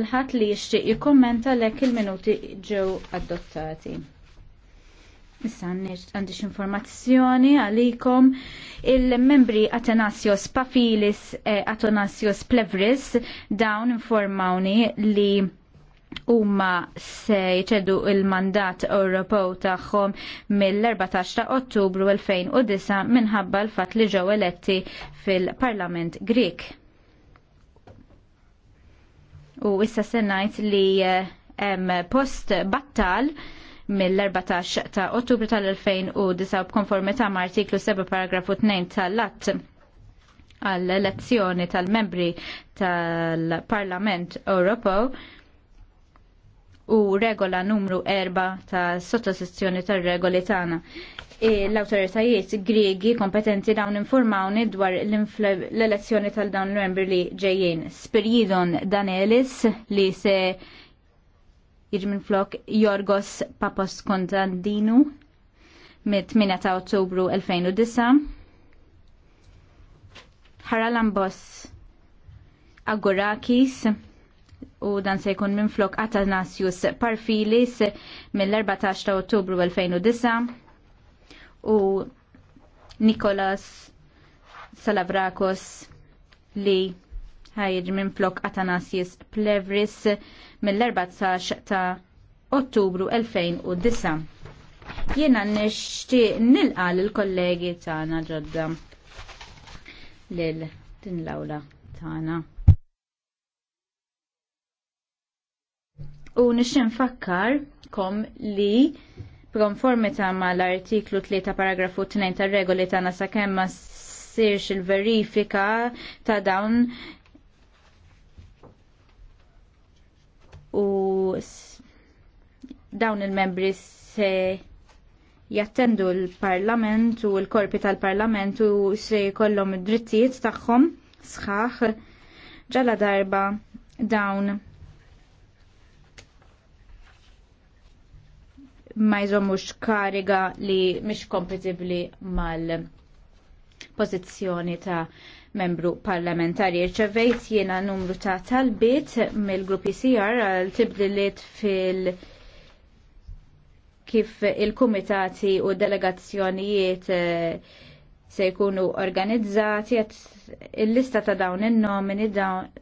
l-ħat li jixtieq jikkommenta lek il-minuti ġew adottati. Issa għandix informazzjoni għalikom il-membri Atanasios Pafilis e eh, Atanasios Plevris dawn informawni li huma se jċeddu il-mandat Ewropew tagħhom mill-14 ta' Ottubru 2009 minħabba l-fatt li ġew eletti fil-Parlament Grik u issa sennajt li eh, hemm post battal mill-14 ta' Ottubru tal-2009 b'konformità ma' artiklu 7 paragrafu 2 tal-att għall-elezzjoni tal-membri tal-Parlament Ewropew u regola numru 4 ta' sottosezzjoni tar regoli tagħna. E, L-autoritajiet Griegi kompetenti dawn informawni dwar l-elezzjoni tal-dawn l-membri li ġejjin. Spiridon Danelis li se jirmin flok Jorgos Papos Kontandinu mit-8 ta' Ottubru 2009. Haralambos Agorakis u dan se jkun minn flok Atanasius Parfilis mill-14 ta' Ottubru 2009 u Nikolas Salavrakos li ħajġ minn flok Atanasius Plevris mill-14 ta' Ottubru 2009. Jiena nixtieq nilqa l kollegi tagħna ġodda lil din l-awla tagħna. U nixen fakkar kom li b'konformità ma l-artiklu 3 paragrafu 2 tar regoli tagħna sakemm ma ssirx il-verifika ta' dawn u dawn il-membri se jattendu l-parlament u l-korpi tal-parlament u se jkollhom id-drittijiet tagħhom sħaħ ġala darba dawn ma jżommux kariga li mhix kompatibli mal pożizzjoni ta' membru parlamentari. Irċevejt jiena numru ta' talbiet mill grupp e CR għal tibdiliet fil- kif il-kumitati u delegazzjonijiet eh, se jkunu organizzati il-lista ta' dawn in-nomini dawn